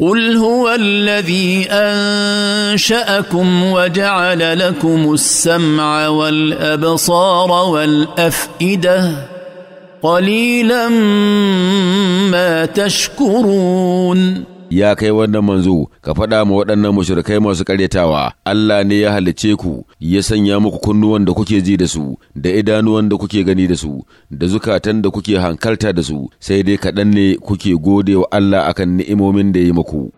قل هو الذي انشاكم وجعل لكم السمع والابصار والافئده قليلا ما تشكرون ya kai wannan manzo ka faɗa ma waɗannan mushrikai masu ƙaryatawa Allah ne ya halicce ku ya sanya muku kunnuwan da kuke ji da su da idanuwan da kuke gani da su da zukatan da kuke hankalta da su sai dai kaɗan ne kuke gode wa Allah akan ni'imomin da ya yi muku